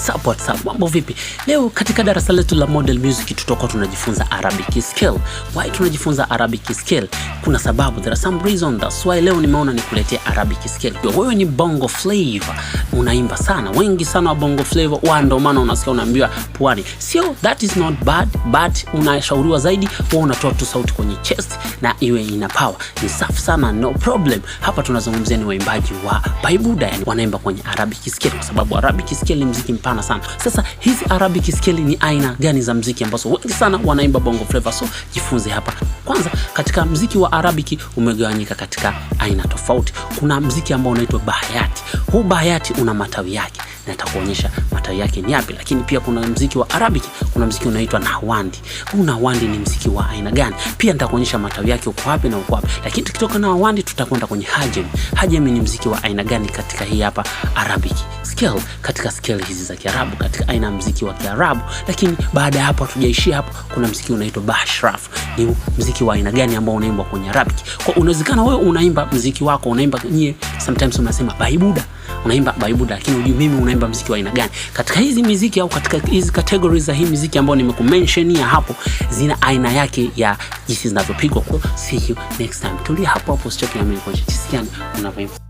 WhatsApp, WhatsApp. Mambo vipi? Leo katika darasa letu la Model Music tutakuwa tunajifunza Arabic skill Why tunajifunza Arabic skill Kuna sababu, there are some reason, that's why leo nimeona nikuletea Arabic scale. Wewe ni Bongo flavor unaimba sana, wengi sana wa Bongo flavor wa, ndo maana unasikia unaambiwa puani Sio, that is not bad, but unashauriwa zaidi wewe unatoa tu sauti kwenye chest na iwe ina power. Ni safi sana, no problem. Hapa tunazungumzia ni waimbaji wa Baibuda, yani wanaimba kwenye Arabic skill kwa sababu Arabic skill ni mziki mpana sana sana. Sasa hizi Arabic scale ni aina gani za mziki ambazo wengi sana wanaimba bongo flavor So jifunze hapa. Kwanza, katika mziki wa Arabic umegawanyika katika aina tofauti. Kuna mziki ambao unaitwa bahayati. Huu bahayati una matawi yake na itakuonyesha matawi yake ni yapi. Lakini pia kuna mziki wa Arabic, kuna mziki unaitwa nawandi Huu nawandi ni mziki wa aina gani? Pia nitakuonyesha matawi yake uko wapi na uko wapi. Lakini tukitoka na wandi tutakwenda kwenye Hajem. Hajem ni mziki wa aina gani katika hii hapa Arabic scale, katika scale hizi za Kiarabu, katika aina ya mziki wa Kiarabu. Lakini baada ya hapo hatujaishia hapo, kuna mziki unaitwa Bashraf. Ni mziki wa aina gani ambao unaimba kwenye Arabic? Kwa unawezekana wewe unaimba mziki wako unaimba nyie sometimes unasema baibuda, unaimba baibuda, lakini hujui mimi unaimba mziki wa aina gani. Katika hizi miziki au katika hizi categories za hii miziki ambayo nimekumention hapo, zina aina yake ya jinsi zinavyopigwa. See you next time, tulia hapo hapo, usichoke na mimi kwa jinsi gani unavyoimba.